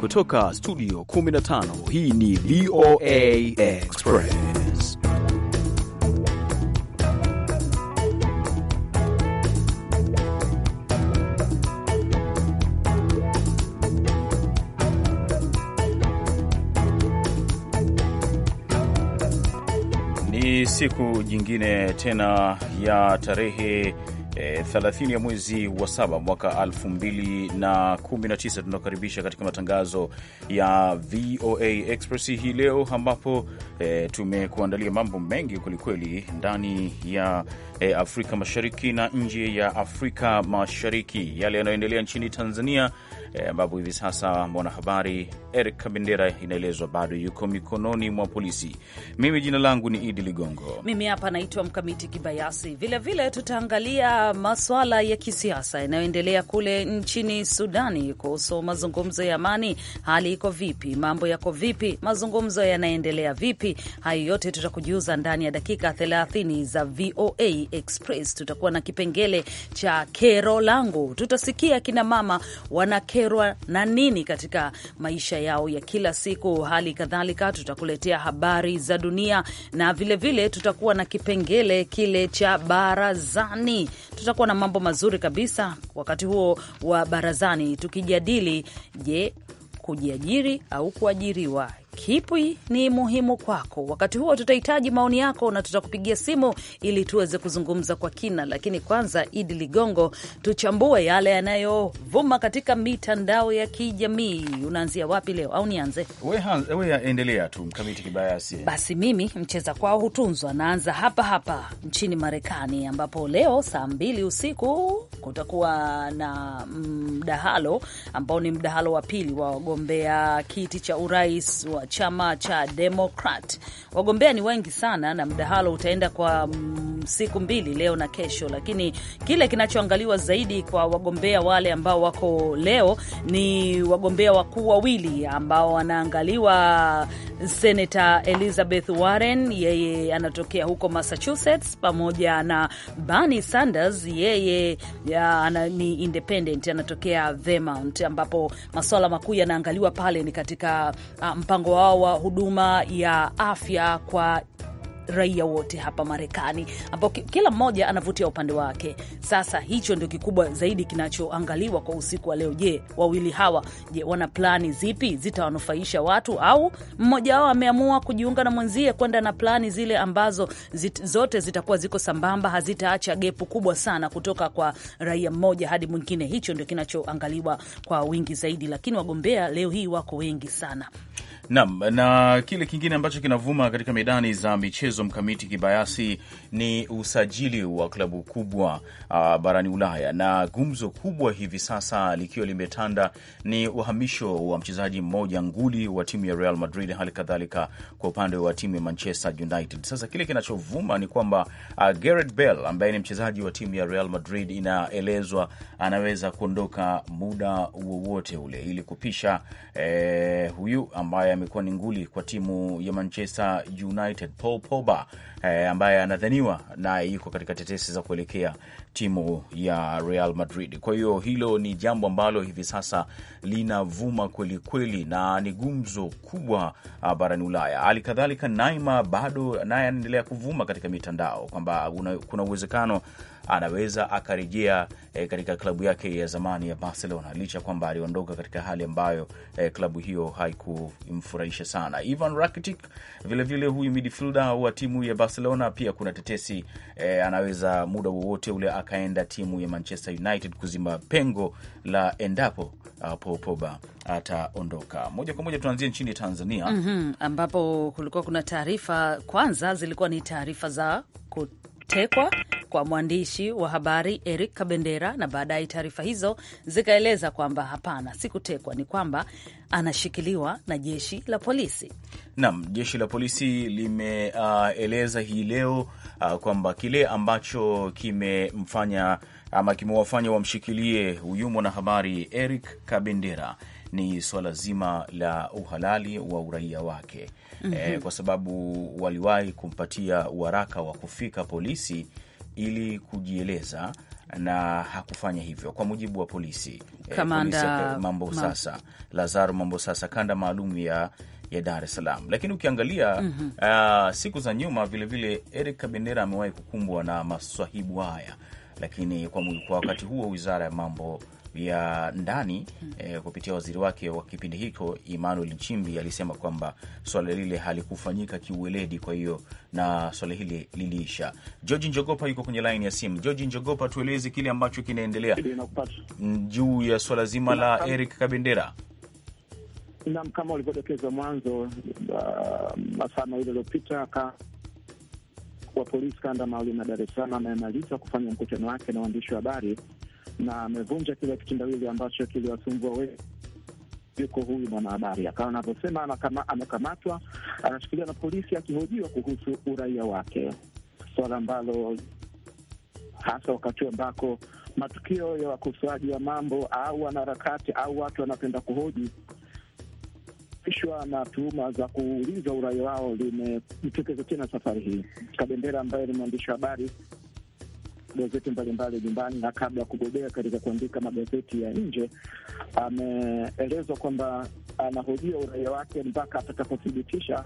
Kutoka studio 15 hii ni VOA Express. Ni siku jingine tena ya tarehe E, eh, 30 ya mwezi wa saba mwaka 2019 tunakaribisha katika matangazo ya VOA Express hii leo ambapo e, tumekuandalia mambo mengi kwelikweli ndani ya e, Afrika Mashariki na nje ya Afrika Mashariki, yale yanayoendelea nchini Tanzania ambapo e, hivi sasa mwanahabari Eric Kabendera inaelezwa bado yuko mikononi mwa polisi. Mimi jina langu ni Idi Ligongo, mimi hapa naitwa Mkamiti Kibayasi. Vilevile tutaangalia maswala ya kisiasa yanayoendelea kule nchini Sudani kuhusu mazungumzo ya amani. Hali iko vipi? Mambo yako vipi? Mazungumzo yanaendelea vipi? Hayo yote tutakujiuza ndani ya dakika 30 za VOA Express. Tutakuwa na kipengele cha kero langu, tutasikia kina mama wanakerwa na nini katika maisha yao ya kila siku. Hali kadhalika tutakuletea habari za dunia na vilevile vile tutakuwa na kipengele kile cha barazani. Tutakuwa na mambo mazuri kabisa wakati huo wa barazani tukijadili, je, kujiajiri au kuajiriwa? kipi ni muhimu kwako. Wakati huo tutahitaji maoni yako na tutakupigia simu ili tuweze kuzungumza kwa kina, lakini kwanza, Idi Ligongo, tuchambue yale yanayovuma katika mitandao ya kijamii. Unaanzia wapi leo, au nianze? endelea tu, Mkamiti Kibayasi. Basi mimi mcheza kwao hutunzwa, naanza hapa hapa nchini Marekani, ambapo leo saa mbili usiku kutakuwa na mdahalo ambao ni mdahalo wa pili wa wagombea kiti cha urais wa chama cha Demokrat. Wagombea ni wengi sana, na mdahalo utaenda kwa mm, siku mbili, leo na kesho, lakini kile kinachoangaliwa zaidi kwa wagombea wale ambao wako leo ni wagombea wakuu wawili ambao wanaangaliwa, Senata Elizabeth Warren, yeye anatokea huko Massachusetts, pamoja na Bernie Sanders, yeye ya, ni independent, anatokea Vermont, ambapo masuala makuu yanaangaliwa pale ni katika uh, mpango wao wa huduma ya afya kwa raia wote hapa Marekani, ambao kila mmoja anavutia upande wake. Sasa hicho ndio kikubwa zaidi kinachoangaliwa kwa usiku wa leo. Je, wawili hawa, je, wana plani zipi zitawanufaisha watu, au mmoja wao ameamua kujiunga na mwenzie kwenda na plani zile ambazo zit, zote zitakuwa ziko sambamba, hazitaacha gepu kubwa sana kutoka kwa raia mmoja hadi mwingine. Hicho ndio kinachoangaliwa kwa wingi zaidi, lakini wagombea leo hii wako wengi sana. Naam, na kile kingine ambacho kinavuma katika medani za michezo michezo mkamiti kibayasi ni usajili wa klabu kubwa uh, barani Ulaya, na gumzo kubwa hivi sasa likiwa limetanda ni uhamisho wa mchezaji mmoja nguli wa timu ya Real Madrid, hali kadhalika kwa upande wa timu ya Manchester United. Sasa kile kinachovuma ni kwamba uh, Gareth Bale ambaye ni mchezaji wa timu ya Real Madrid inaelezwa anaweza kuondoka muda wowote ule ili kupisha eh, huyu ambaye amekuwa ni nguli kwa timu ya Manchester United Paul Pogba Pogba eh, ambaye anadhaniwa naye yuko katika tetesi za kuelekea timu ya Real Madrid. Kwa hiyo hilo ni jambo ambalo hivi sasa linavuma kwelikweli na ni gumzo kubwa ah, barani Ulaya. Hali kadhalika Neymar bado naye anaendelea kuvuma katika mitandao kwamba kuna uwezekano anaweza akarejea e, katika klabu yake ya zamani ya Barcelona, licha kwamba aliondoka katika hali ambayo e, klabu hiyo haikumfurahisha sana. Ivan Rakitic vilevile, huyu midfielder wa timu ya Barcelona, pia kuna tetesi e, anaweza muda wowote ule akaenda timu ya Manchester United kuzima pengo la endapo ah, Paul Pogba ataondoka. Moja kwa moja tuanzie nchini Tanzania, mm -hmm, ambapo kulikuwa kuna taarifa kwanza, zilikuwa ni taarifa za kutekwa kwa mwandishi wa habari Eric Kabendera, na baadaye taarifa hizo zikaeleza kwamba hapana, si kutekwa, ni kwamba anashikiliwa na jeshi la polisi. Naam, jeshi la polisi limeeleza uh, hii leo uh, kwamba kile ambacho kimemfanya ama kimewafanya wamshikilie huyu mwanahabari Eric Kabendera ni swala zima la uhalali wa uraia wake. mm -hmm. E, kwa sababu waliwahi kumpatia waraka wa kufika polisi ili kujieleza na hakufanya hivyo kwa mujibu wa polisi. Eh, Kamanda mambo sasa, Lazaro mambo sasa, kanda maalum ya ya Dar es Salaam. Lakini ukiangalia mm -hmm. uh, siku za nyuma vilevile Eric Kabendera amewahi kukumbwa na maswahibu haya lakini kwa, kwa wakati huo wizara ya mambo ya ndani e, kupitia waziri wake wa kipindi hicho Emmanuel Nchimbi alisema kwamba swala lile halikufanyika kiuweledi, kwa hiyo na swala hili liliisha. George Njogopa yuko kwenye laini ya simu. George Njogopa, tueleze kile ambacho kinaendelea mm, juu ya swala zima la Eric Kabendera. Naam, kama ulivyodokeza mwanzo, uh, masaa mawili yaliyopita ka wa polisi kanda maalum ya Dar es Salaam amemaliza kufanya mkutano wake na waandishi wa habari na amevunja kile kitendawili ambacho kiliwasumbua wengi yuko huyu mwanahabari akawa anavyosema amekamatwa, anashikiliwa na polisi akihojiwa kuhusu uraia wake, swala ambalo hasa wakati ambako matukio ya wakosoaji wa mambo au wanaharakati au watu wanapenda kuhoji kuhusishwa na tuhuma za kuuliza uraia wao limejitokeza tena safari hii. Kabendera ambaye ni mwandishi wa habari gazeti mbalimbali nyumbani na kabla ya kugobea katika kuandika magazeti ya nje, ameelezwa kwamba anahojia uraia wake mpaka atakapothibitisha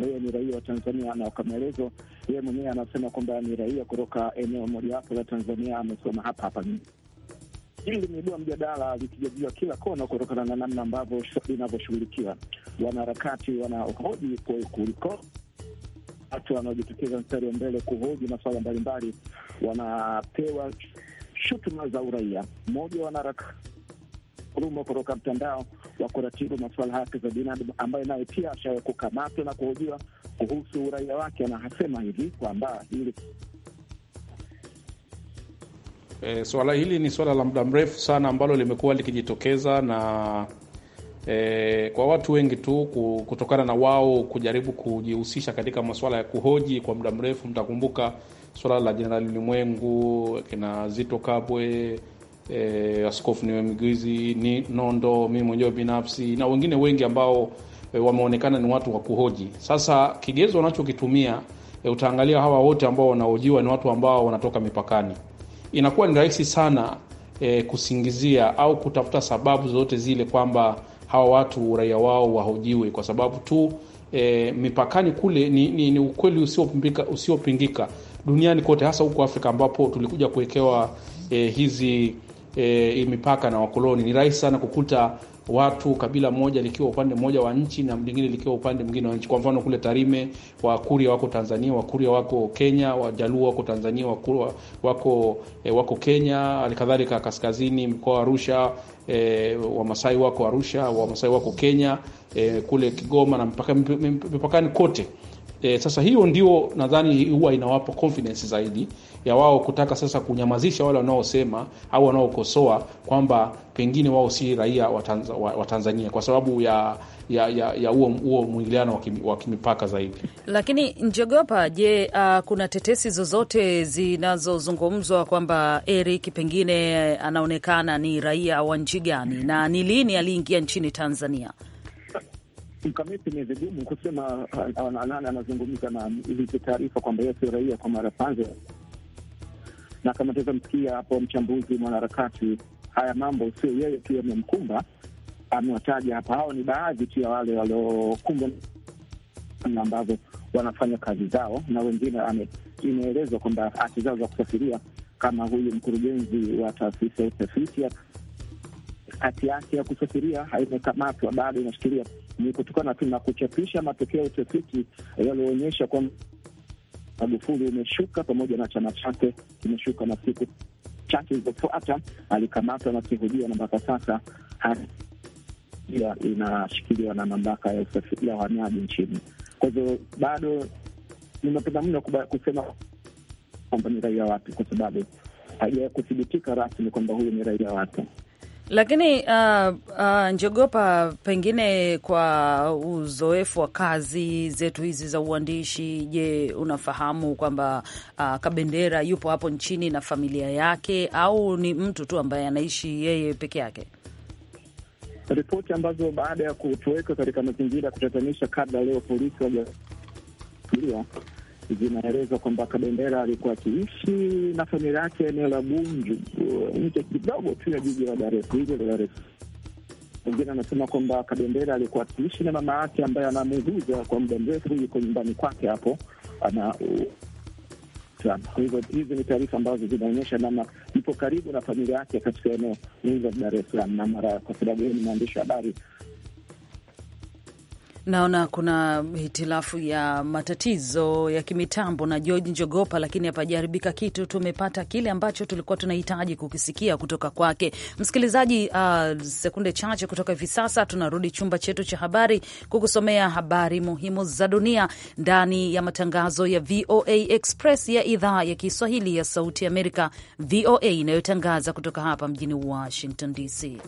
yeye ni raia wa Tanzania, na kwa maelezo yeye mwenyewe anasema kwamba ni raia kutoka eneo mojawapo la Tanzania, amesoma hapa hapa mjini hili limeibua mjadala likijadiliwa kila kona, kutokana na namna ambavyo linavyoshughulikiwa. Wanaharakati wanahoji kuliko watu wanaojitokeza mstari wa mbele kuhoji masuala mbalimbali, wanapewa shutuma za uraia. Mmoja wanaharakati huruma kutoka mtandao wa kuratibu masuala haki za binadamu ambaye naye pia ashawe kukamatwa na kuhojiwa kuhusu uraia wake, na hivi kwamba hili E, swala hili ni swala la muda mrefu sana ambalo limekuwa likijitokeza na e, kwa watu wengi tu, kutokana na wao kujaribu kujihusisha katika masuala ya kuhoji kwa muda mrefu. Mtakumbuka swala la Jenerali Ulimwengu, kina Zito Kabwe, e, Askofu Niwemgwizi ni Nondo, mimi mwenyewe binafsi na wengine wengi ambao e, wameonekana ni watu wa kuhoji. Sasa kigezo wanachokitumia e, utaangalia hawa wote ambao wanahojiwa ni watu ambao wanatoka mipakani inakuwa ni rahisi sana e, kusingizia au kutafuta sababu zote zile kwamba hawa watu uraia wao wahojiwe kwa sababu tu e, mipakani kule ni, ni, ni ukweli usiopingika, usiopingika duniani kote, hasa huko Afrika ambapo tulikuja kuwekewa e, hizi e, mipaka na wakoloni. Ni rahisi sana kukuta watu kabila moja likiwa upande mmoja wa nchi na lingine likiwa upande mwingine wa nchi. Kwa mfano kule Tarime, Wakuria wako Tanzania, Wakuria wako Kenya, Wajaluo wako Tanzania, Wakuria wako e, wako Kenya. Halikadhalika kaskazini, mkoa wa Arusha, eh, Wamasai wako Arusha, Wamasai wako Kenya, e, kule Kigoma na mipakani kote E, sasa hiyo ndio nadhani huwa inawapa confidence zaidi ya wao kutaka sasa kunyamazisha wale wanaosema au wanaokosoa kwamba pengine wao si raia wa, Tanz wa Tanzania kwa sababu ya ya ya, ya huo mwingiliano wa, wa kimipaka zaidi. Lakini Njogopa, je, uh, kuna tetesi zozote zinazozungumzwa kwamba Eric pengine anaonekana ni raia wa nchi gani na ni lini aliingia nchini Tanzania? Mkamiti ni vigumu kusema uh, uh, nane anazungumza na hizi taarifa kwamba yeye sio raia kwa mara kwanza, na kama tulivyomsikia hapo mchambuzi mwanaharakati, haya mambo sio yeye tu yamemkumba, amewataja hapa. Hao ni baadhi tu ya wale waliokumbwa namna ambavyo wanafanya kazi zao, na wengine imeelezwa kwamba hati zao za kusafiria, kama huyu mkurugenzi wa taasisi ya utafiti, hati yake ya kusafiria haimekamatwa bado, inashikilia ni kutokana tu na kuchapisha matokeo ya utafiti yaliyoonyesha kwamba Magufuli umeshuka pamoja na chama chake kimeshuka, na siku chache zilizofuata alikamatwa na kuhojiwa, na mpaka sasa inashikiliwa na mamlaka ya usafiri ya uhamiaji nchini. Kwa hivyo bado nimependa mno kusema kwamba ni raia wapi, kwa sababu haijawai kuthibitika rasmi kwamba huyu ni raia wapi. Lakini uh, uh, njogopa, pengine kwa uzoefu wa kazi zetu hizi za uandishi, je, unafahamu kwamba uh, Kabendera yupo hapo nchini na familia yake au ni mtu tu ambaye anaishi yeye peke yake? Ripoti ambazo baada ya kutuweka katika mazingira ya kutatanisha kabla leo polisi waja zinaeleza kwamba Kabendera alikuwa akiishi na familia yake eneo la Bunju, eh, nje kidogo tu ya jiji la Dar es Salaam. Wengine anasema kwamba Kabendera alikuwa akiishi na mama yake ambaye anamuuguza kwa muda mrefu, yuko nyumbani kwake hapo ana uh, Kwa hivyo hizi ni taarifa ambazo zinaonyesha namna ipo karibu na familia yake katika eneo hilo la Dar es Salaam, na mara kwa sababu hiyo ni mwandishi wa habari Naona kuna hitilafu ya matatizo ya kimitambo na George Njogopa, lakini hapajaharibika kitu. Tumepata kile ambacho tulikuwa tunahitaji kukisikia kutoka kwake. Msikilizaji, uh, sekunde chache kutoka hivi sasa tunarudi chumba chetu cha habari kukusomea habari muhimu za dunia ndani ya matangazo ya VOA Express ya idhaa ya Kiswahili ya Sauti Amerika, VOA inayotangaza kutoka hapa mjini Washington DC.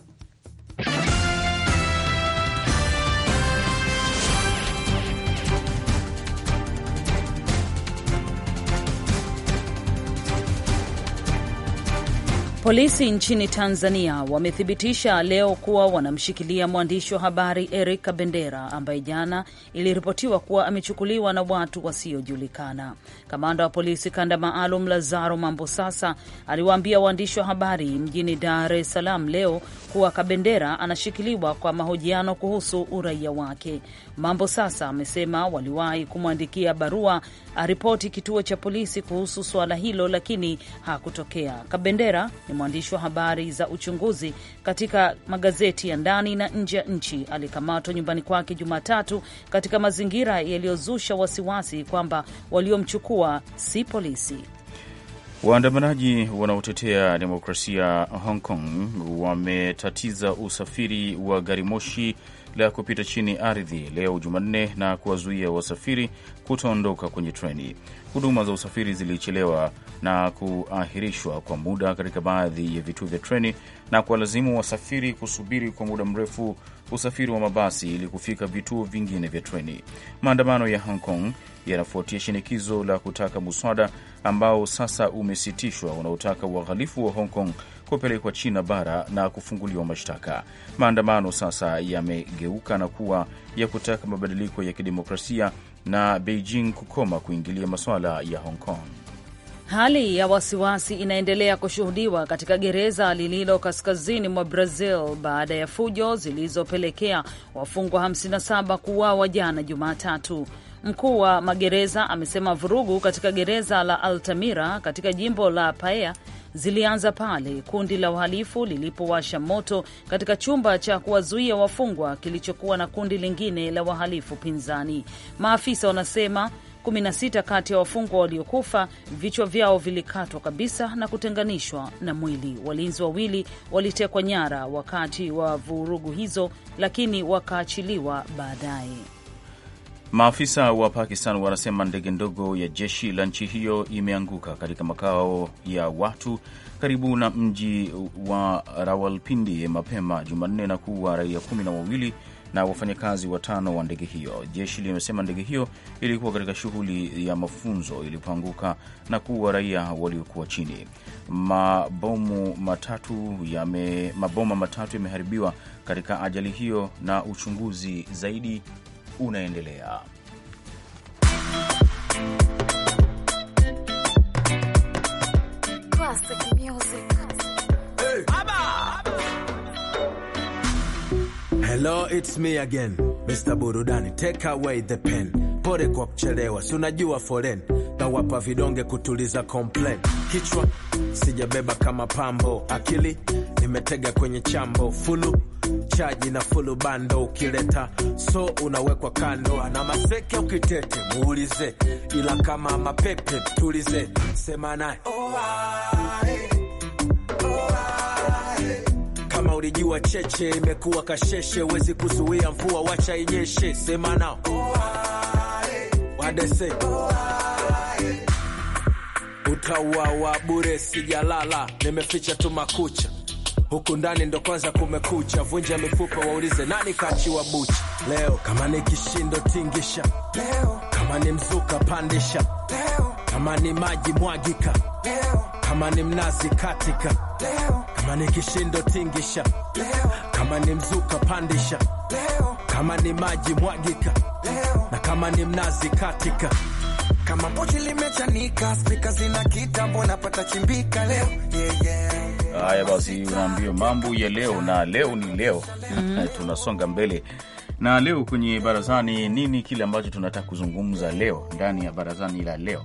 Polisi nchini Tanzania wamethibitisha leo kuwa wanamshikilia mwandishi wa habari Eric Kabendera ambaye jana iliripotiwa kuwa amechukuliwa na watu wasiojulikana. Kamanda wa polisi kanda maalum Lazaro mambo sasa aliwaambia waandishi wa habari mjini Dar es Salaam leo kuwa Kabendera anashikiliwa kwa mahojiano kuhusu uraia wake. mambo sasa amesema waliwahi kumwandikia barua aripoti kituo cha polisi kuhusu suala hilo, lakini hakutokea. Kabendera ni mwandishi wa habari za uchunguzi katika magazeti ya ndani na nje ya nchi, alikamatwa nyumbani kwake Jumatatu katika mazingira yaliyozusha wasiwasi kwamba waliomchukua si polisi. Waandamanaji wanaotetea demokrasia Hong Kong wametatiza usafiri wa gari moshi la kupita chini ardhi leo Jumanne na kuwazuia wasafiri kutoondoka kwenye treni. Huduma za usafiri zilichelewa na kuahirishwa kwa muda katika baadhi ya vituo vya treni na kuwalazimu wasafiri kusubiri kwa muda mrefu usafiri wa mabasi ili kufika vituo vingine vya treni. Maandamano ya Hong Kong yanafuatia shinikizo la kutaka muswada ambao sasa umesitishwa unaotaka uaghalifu wa Hong Kong kupelekwa China bara na kufunguliwa mashtaka. Maandamano sasa yamegeuka na kuwa ya kutaka mabadiliko ya kidemokrasia na Beijing kukoma kuingilia masuala ya Hong Kong. Hali ya wasiwasi inaendelea kushuhudiwa katika gereza lililo kaskazini mwa Brazil baada ya fujo zilizopelekea wafungwa 57 kuuawa jana Jumatatu. Mkuu wa magereza amesema vurugu katika gereza la Altamira katika jimbo la Paea zilianza pale kundi la uhalifu lilipowasha moto katika chumba cha kuwazuia wafungwa kilichokuwa na kundi lingine la wahalifu pinzani. Maafisa wanasema 16 kati ya wafungwa waliokufa vichwa vyao vilikatwa kabisa na kutenganishwa na mwili. Walinzi wawili walitekwa nyara wakati wa vurugu hizo, lakini wakaachiliwa baadaye. Maafisa wa Pakistan wanasema ndege ndogo ya jeshi la nchi hiyo imeanguka katika makao ya watu karibu na mji wa Rawalpindi mapema Jumanne na kuua raia kumi na wawili na wafanyakazi watano wa ndege hiyo. Jeshi limesema ndege hiyo ilikuwa katika shughuli ya mafunzo ilipoanguka na kuua raia waliokuwa chini. Mabomu matatu yame, maboma matatu yameharibiwa katika ajali hiyo na uchunguzi zaidi unaendelea. Hello, it's me again. Mr. Burudani, take away the pen. Pole kwa kuchelewa, si unajua foren. wapa vidonge kutuliza complain. Kichwa sijabeba kama pambo, akili nimetega kwenye chambo fulu chaji na fulu bando, ukileta so unawekwa kando, na maseke ukitete muulize, ila kama mapepe tulize, sema naye oh, kama ulijua cheche imekuwa kasheshe, wezi kuzuia mvua, wacha inyeshe, sema nao wadese utauawa bure, sijalala nimeficha tu makucha huku ndani ndo kwanza kumekucha, vunja mifupa waulize nani kachiwa buchi leo. Kama ni kishindo tingisha leo, kama ni mzuka pandisha leo, kama ni maji mwagika leo, kama ni mnazi katika leo, kama ni kishindo tingisha leo, kama ni mzuka pandisha leo, kama ni maji mwagika leo, na kama ni mnazi katika kama pochi limechanika, spika zina kitambo, napata chimbika leo yeah, yeah. Haya basi, unaambia mambo ya leo na leo ni leo mm. tunasonga mbele na leo kwenye barazani, nini kile ambacho tunataka kuzungumza leo ndani ya barazani la leo?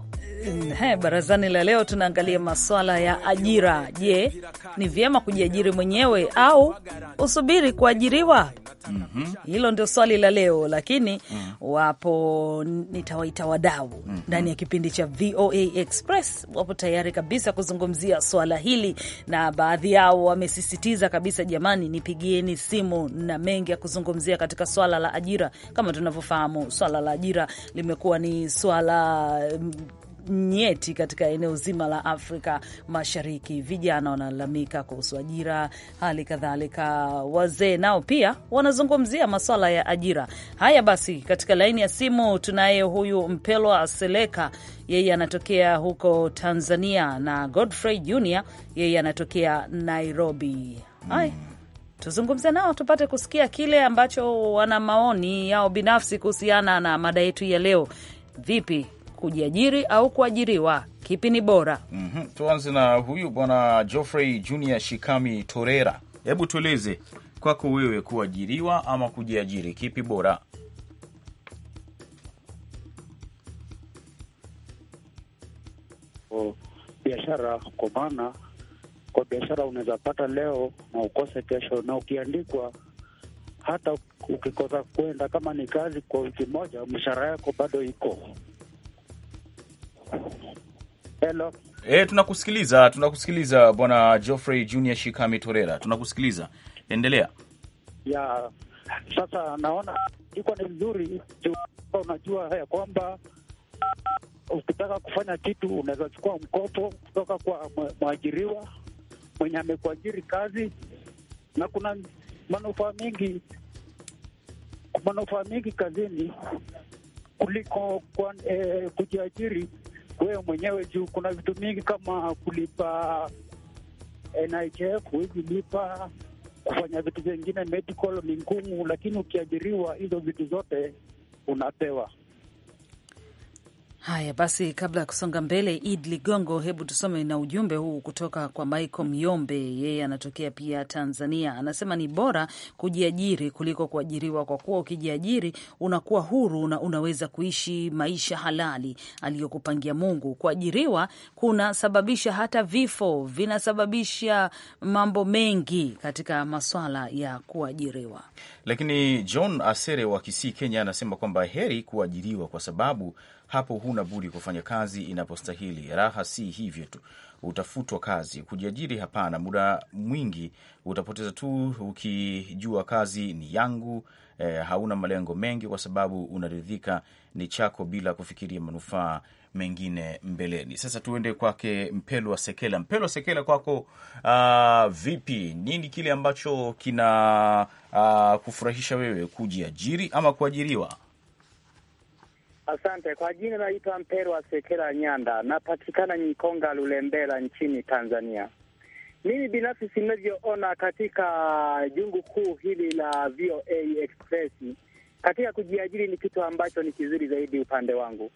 He, barazani la leo tunaangalia maswala ya ajira. Je, ni vyema kujiajiri mwenyewe au usubiri kuajiriwa? mm -hmm. Hilo ndio swali la leo, lakini mm. wapo nitawaita wadau mm -hmm. ndani ya kipindi cha VOA Express wapo tayari kabisa kuzungumzia swala hili na baadhi yao wamesisitiza kabisa, jamani, nipigieni simu, na mengi ya kuzungumzia katika swala la ajira. Kama tunavyofahamu, swala la ajira limekuwa ni swala mm, nyeti katika eneo zima la Afrika Mashariki. Vijana wanalalamika kuhusu ajira, hali kadhalika wazee nao pia wanazungumzia maswala ya ajira. Haya basi, katika laini ya simu tunaye huyu Mpelwa Seleka, yeye anatokea huko Tanzania, na Godfrey Junior, yeye anatokea Nairobi. Haya, tuzungumze nao tupate kusikia kile ambacho wana maoni yao binafsi kuhusiana na mada yetu ya leo. Vipi kujiajiri au kuajiriwa, kipi ni bora? mm -hmm. Tuanze na huyu bwana Geoffrey Junior Shikami Torera, hebu tueleze kwako wewe, kuajiriwa ama kujiajiri, kipi bora? Oh, biashara kwa maana, kwa biashara unaweza pata leo na ukose kesho, na ukiandikwa hata ukikosa kwenda, kama ni kazi kwa wiki moja, mshahara yako bado iko. Hello. E, tunakusikiliza tunakusikiliza Bwana Geoffrey Junior Shikami Torera, tunakusikiliza endelea. Ya sasa naona iko ni nzuri, unajua ya kwamba ukitaka kufanya kitu unaweza chukua mkopo kutoka kwa mwajiriwa mwenye amekuajiri kazi, na kuna manufaa mingi manufaa mingi kazini kuliko kwa, eh, kujiajiri wewe mwenyewe juu kuna vitu mingi kama kulipa eh, NHF huwezi lipa, kufanya vitu vingine medical ni ngumu, lakini ukiajiriwa hizo vitu zote unapewa. Haya basi, kabla ya kusonga mbele, Id Ligongo, hebu tusome na ujumbe huu kutoka kwa Michael Myombe, yeye anatokea pia Tanzania. Anasema ni bora kujiajiri kuliko kuajiriwa, kwa kuwa ukijiajiri unakuwa huru na unaweza kuishi maisha halali aliyokupangia Mungu. Kuajiriwa kunasababisha hata vifo, vinasababisha mambo mengi katika maswala ya kuajiriwa. Lakini John Asere wa Kisii, Kenya, anasema kwamba heri kuajiriwa kwa sababu hapo huna budi kufanya kazi inapostahili. Raha si hivyo tu, utafutwa kazi. Kujiajiri hapana, muda mwingi utapoteza tu ukijua kazi ni yangu. E, hauna malengo mengi kwa sababu unaridhika ni chako bila kufikiria manufaa mengine mbeleni. Sasa tuende kwake Mpelwa Sekela. Mpelwa Sekela, kwako uh, vipi? Nini kile ambacho kina uh, kufurahisha wewe, kujiajiri ama kuajiriwa? Asante. Kwa jina naitwa Mperwa sekera Nyanda, napatikana Nyikonga, Lulembela, nchini Tanzania. Mimi binafsi sinavyoona katika jungu kuu hili la VOA Express katika kujiajiri ni kitu ambacho ni kizuri zaidi upande wangu,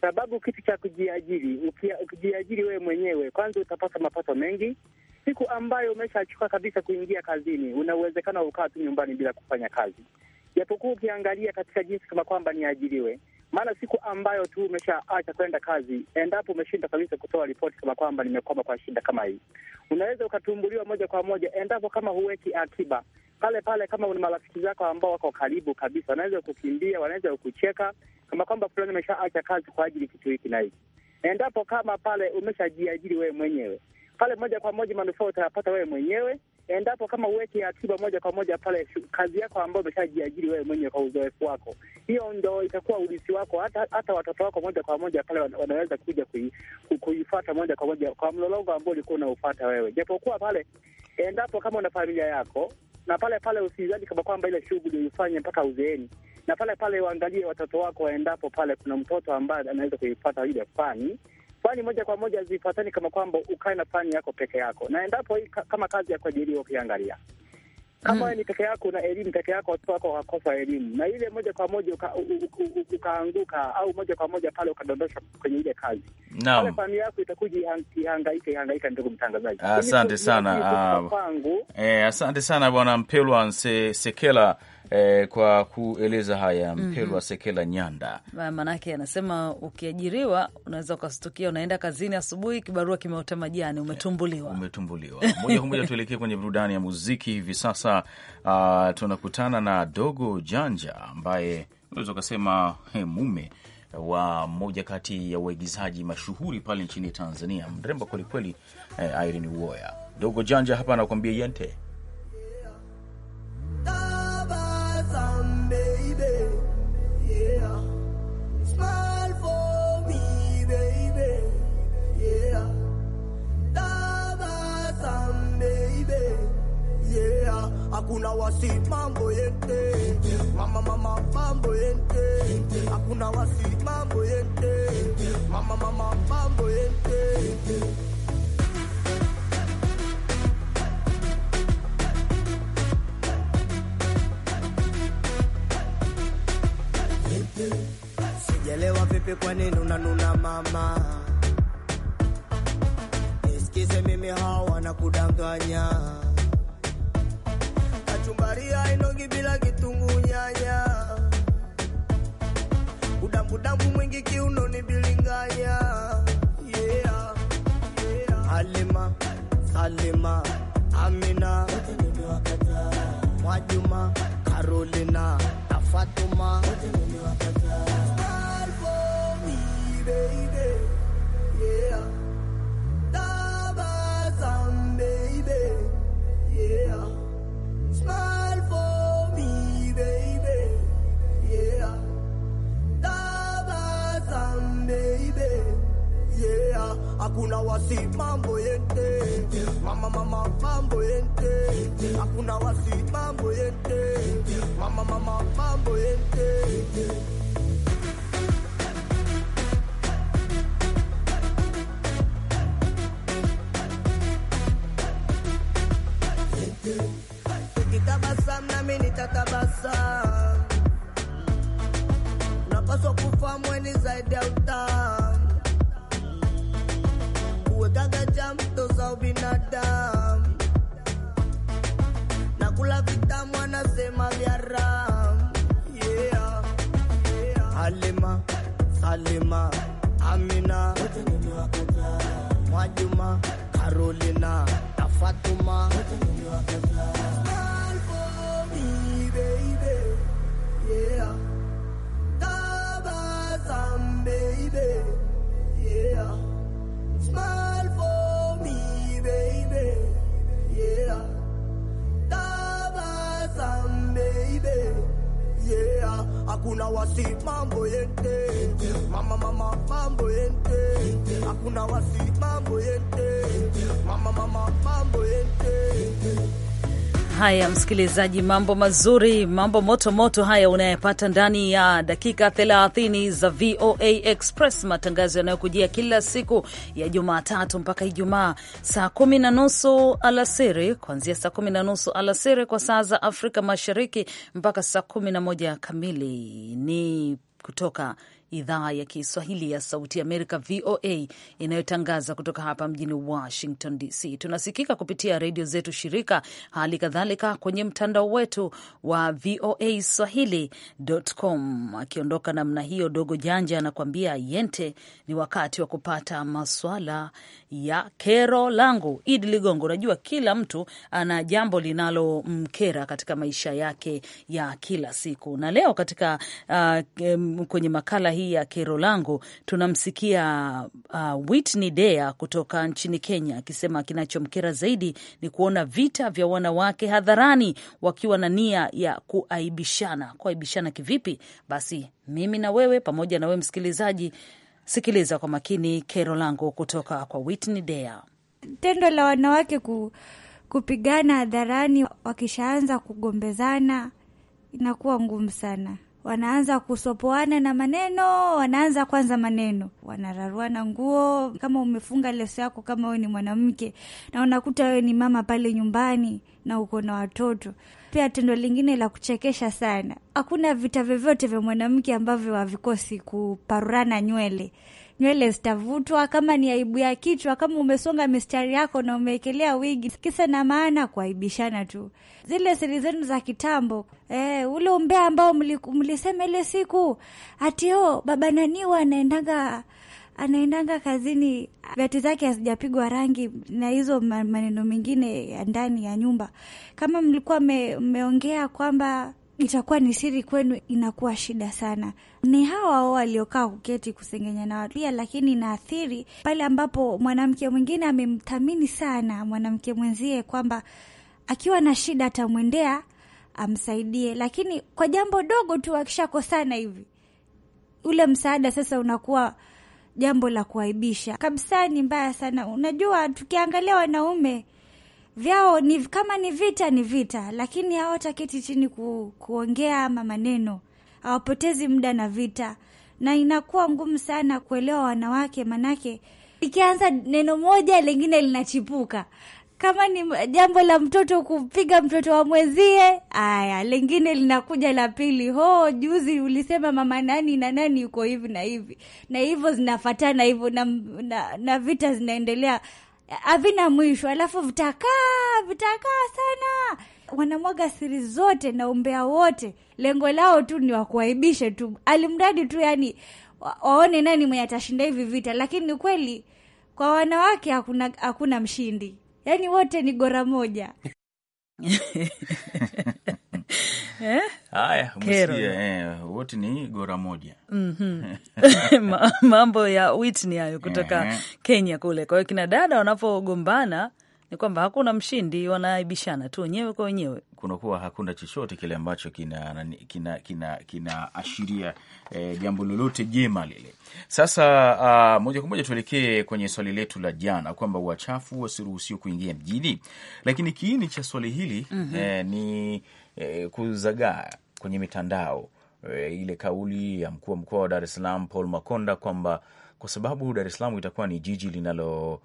sababu kitu cha kujiajiri, ukijiajiri wewe mwenyewe kwanza utapata mapato mengi. Siku ambayo umeshachuka kabisa kuingia kazini, una uwezekano wa ukaa tu nyumbani bila kufanya kazi, japokuwa ukiangalia katika jinsi kama kwamba niajiriwe maana siku ambayo tu umeshaacha kwenda kazi, endapo umeshinda kabisa kutoa ripoti kama kwamba nimekoma kwa shida kama hii, unaweza ukatumbuliwa moja kwa moja, endapo kama huweki akiba pale pale. Kama ni marafiki zako ambao wako karibu kabisa, wanaweza kukimbia, wanaweza kucheka kama kwamba fulani umeshaacha kazi kwa ajili kitu hiki na hiki. Endapo kama pale umeshajiajiri wewe mwenyewe, pale moja kwa moja manufaa utayapata wewe mwenyewe endapo kama uweke akiba moja kwa moja pale kazi yako ambayo umeshajiajiri wewe mwenyewe kwa uzoefu wako, hiyo ndo itakuwa ulisi wako. Hata hata watoto wako moja kwa moja pale wanaweza kuja kuifata moja kwa moja kwa mlolongo ambao ulikuwa unaufata wewe, japokuwa pale endapo kama una familia yako na pale pale usizani kama kwamba ile shughuli uifanye mpaka uzeeni, na pale pale uangalie watoto wako waendapo pale, kuna mtoto ambaye anaweza kuipata ile fani kwani moja kwa moja zifuatani kama kwamba ukae na fani yako peke yako, na endapo hii kama kazi ya kuajiriwa ukiangalia kama mm. ni peke yako na elimu peke yako, watoto wako wakosa elimu na ile moja kwa moja ukaanguka au moja kwa moja pale ukadondoshwa kwenye ile kazi no. familia yako itakuja ihangaike ihangaika. Ndugu mtangazaji, asante yaani sana ah, kwangu. Eh, asante sana Bwana Mpelwa Nsekela eh, kwa kueleza haya mhm. Mpelwa mm -hmm. Sekela Nyanda, maanake anasema ukiajiriwa unaweza ukastukia unaenda kazini asubuhi, kibarua kimeota majani, umetumbuliwa eh, umetumbuliwa. Moja kwa moja tuelekee kwenye burudani ya muziki hivi sasa. Uh, tunakutana na Dogo Janja ambaye unaweza ukasema hey, mume wa mmoja kati ya waigizaji mashuhuri pale nchini Tanzania, mrembo kwelikweli, eh, Irene Uwoya. Dogo Janja hapa anakuambia yente sun, baby. Yeah. Smile for me, baby. Yeah. Daba sun, baby. Yeah. Akuna wasi mambo yente. Mama mama mambo yente. Hakuna wasi mambo yente. Mama mama mambo yente. vipi? Kwa nini unanuna mama? Nisikize mimi, hawa wanakudanganya. Kachumbari hainogi bila kitungu nyanya, udambudambu mwingi ni bilinganya. Yeah, yeah. Halima, Salima, Amina, Mwajuma, Karolina na Fatuma. Halima, Amina, Mwajuma, Carolina, Tafatuma. for me, baby. Yeah. baby. Yeah. hakuna wasi mambo yente mama mama mambo yente hakuna wasi mambo yente mama mama mambo yente Haya msikilizaji, mambo mazuri, mambo moto moto haya unayapata ndani ya dakika 30 za VOA Express, matangazo yanayokujia kila siku ya Jumatatu mpaka Ijumaa saa kumi na nusu alasiri, kuanzia saa kumi na nusu alasiri kwa saa za Afrika Mashariki mpaka saa kumi na moja kamili ni kutoka idhaa ya Kiswahili ya Sauti Amerika, VOA, inayotangaza kutoka hapa mjini Washington DC. Tunasikika kupitia redio zetu shirika, hali kadhalika kwenye mtandao wetu wa VOA Swahili.com. Akiondoka namna hiyo, Dogo Janja anakuambia yente, ni wakati wa kupata maswala ya kero langu. Idi Ligongo, unajua kila mtu ana jambo linalomkera katika maisha yake ya kila siku, na leo katika uh, kwenye makala hii ya kero langu tunamsikia uh, Whitney Dea kutoka nchini Kenya akisema kinachomkera zaidi ni kuona vita vya wanawake hadharani wakiwa na nia ya kuaibishana. Kuaibishana kivipi? Basi mimi na wewe pamoja na wewe msikilizaji, sikiliza kwa makini kero langu kutoka kwa Whitney Dea. Tendo la wanawake ku, kupigana hadharani wakishaanza kugombezana inakuwa ngumu sana wanaanza kusopoana na maneno, wanaanza kwanza maneno, wanararuana nguo. Kama umefunga leso yako, kama wewe ni mwanamke na unakuta wewe ni mama pale nyumbani na uko na watoto pia. Tendo lingine la kuchekesha sana, hakuna vita vyovyote vya mwanamke ambavyo havikosi kuparurana nywele nywele zitavutwa, kama ni aibu ya kichwa, kama umesonga mistari yako na umeekelea wigi, kisa na maana kuaibishana tu. Zile siri zenu za kitambo, e, ule umbea ambao mlisema ile siku atio oh, baba naniwa anaendaga anaendanga kazini, viatu zake hazijapigwa rangi na hizo maneno mengine ya ndani ya nyumba. Kama mlikuwa mmeongea kwamba itakuwa ni siri kwenu, inakuwa shida sana. Ni hawa wao waliokaa kuketi kusengenya na watu pia, lakini inaathiri pale ambapo mwanamke mwingine amemthamini sana mwanamke mwenzie kwamba akiwa na shida atamwendea amsaidie, lakini kwa jambo dogo tu akishakosana hivi, ule msaada sasa unakuwa jambo la kuaibisha kabisa. Ni mbaya sana. Unajua, tukiangalia wanaume vyao ni kama ni vita ni vita, lakini hawataketi chini ku, kuongea ama maneno, hawapotezi muda na vita, na inakuwa ngumu sana kuelewa wanawake, manake ikianza neno moja lingine linachipuka kama ni jambo la mtoto kupiga mtoto wa mwenzie, aya, lingine linakuja la pili, ho, juzi ulisema mama nani na nani yuko hivi na hivi na hivyo, zinafatana hivyo na, na, na vita zinaendelea havina mwisho, alafu vitakaa vitakaa sana. Wanamwaga siri zote na umbea wote, lengo lao tu ni wakuaibishe tu, alimradi tu yani waone nani mwenye atashinda hivi vita. Lakini kweli kwa wanawake hakuna, hakuna mshindi, yani wote ni gora moja eh? Haya, umesikia eh, wote ni gora moja. mm -hmm. mambo ya Whitney hayo kutoka uh Kenya kule. Kwa hiyo kina dada wanapogombana ni kwamba hakuna mshindi, wanaibishana tu wenyewe kwa wenyewe, kunakuwa hakuna chochote kile ambacho kina kina kina kinaashiria eh, jambo lolote jema lile. Sasa uh, moja kwa moja tuelekee kwenye swali letu la jana kwamba wachafu wasiruhusiwe kuingia mjini, lakini kiini cha swali hili mm -hmm. eh, ni e, kuzagaa kwenye mitandao e, ile kauli ya mkuu wa mkoa wa Dar es Salaam Paul Makonda kwamba kwa sababu Dar es Salaam itakuwa ni jiji linalo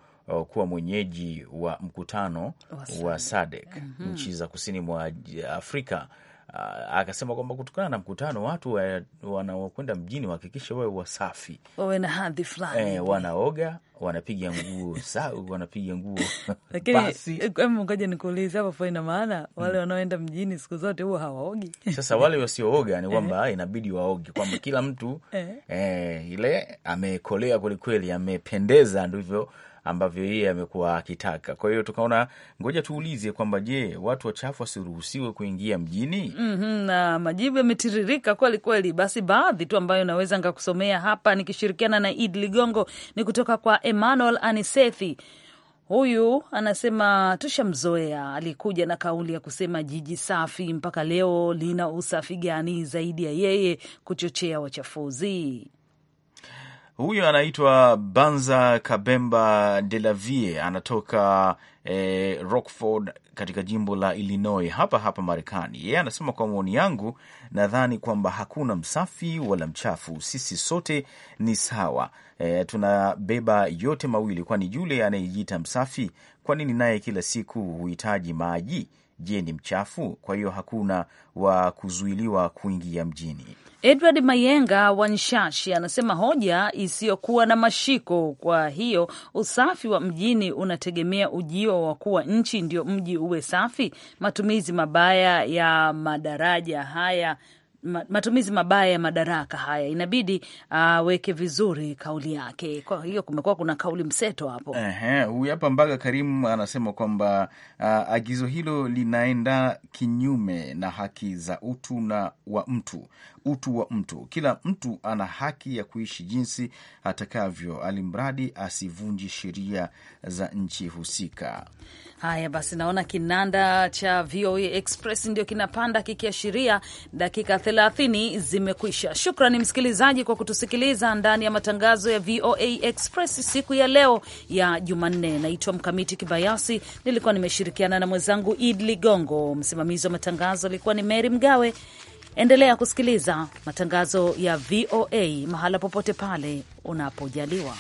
kuwa mwenyeji wa mkutano wa, wa SADC mm -hmm. nchi za kusini mwa Afrika Ah, akasema kwamba kutokana na mkutano watu wanaokwenda mjini wahakikishe wawe wasafi, wawe na hadhi fulani, eh, wanaoga, wanapiga nguo sa wanapiga nguo lakini eh, ngoja nikuulize hapo fa, ina maana wale mm. wanaoenda mjini siku zote huwa hawaogi. Sasa wale wasiooga ni eh. kwamba ah, inabidi waoge, kwamba kila mtu eh, eh ile amekolea kwelikweli, amependeza ndivyo ambavyo yeye amekuwa akitaka. Kwa hiyo tukaona ngoja tuulize kwamba je, watu wachafu wasiruhusiwe kuingia mjini? mm -hmm, na majibu yametiririka kweli kweli. Basi baadhi tu ambayo naweza ngakusomea hapa nikishirikiana na id Ligongo ni kutoka kwa Emmanuel Anisethi. Huyu anasema tushamzoea, alikuja na kauli ya kusema jiji safi, mpaka leo lina usafi gani zaidi ya yeye kuchochea wachafuzi? Huyu anaitwa Banza Kabemba de la Vie, anatoka eh, Rockford katika jimbo la Illinois hapa hapa Marekani. Yeye yeah, anasema kwa maoni yangu, nadhani kwamba hakuna msafi wala mchafu, sisi sote ni sawa E, tunabeba yote mawili, kwani yule anayejiita msafi, kwa nini naye kila siku huhitaji maji? Je, ni mchafu? Kwa hiyo hakuna wa kuzuiliwa kuingia mjini. Edward Mayenga wa Nshashi anasema hoja isiyokuwa na mashiko. Kwa hiyo usafi wa mjini unategemea ujio wa kuwa nchi ndio mji uwe safi. Matumizi mabaya ya madaraja haya matumizi mabaya ya madaraka haya inabidi uh, aweke uh, vizuri kauli yake. Kwa hiyo kumekuwa kuna kauli mseto hapo. Huyu hapa Mbaga Karimu anasema kwamba uh, agizo hilo linaenda kinyume na haki za utu na wa mtu utu wa mtu. Kila mtu ana haki ya kuishi jinsi atakavyo, alimradi asivunji sheria za nchi husika. Haya basi, naona kinanda cha VOA e Express ndio kinapanda kikiashiria dakika thelathini zimekwisha. Shukrani msikilizaji kwa kutusikiliza ndani ya matangazo ya VOA e Express siku ya leo ya Jumanne. Naitwa Mkamiti Kibayasi, nilikuwa nimeshirikiana na mwenzangu Id Ligongo. Msimamizi wa matangazo alikuwa ni Mary Mgawe. Endelea kusikiliza matangazo ya VOA mahala popote pale unapojaliwa.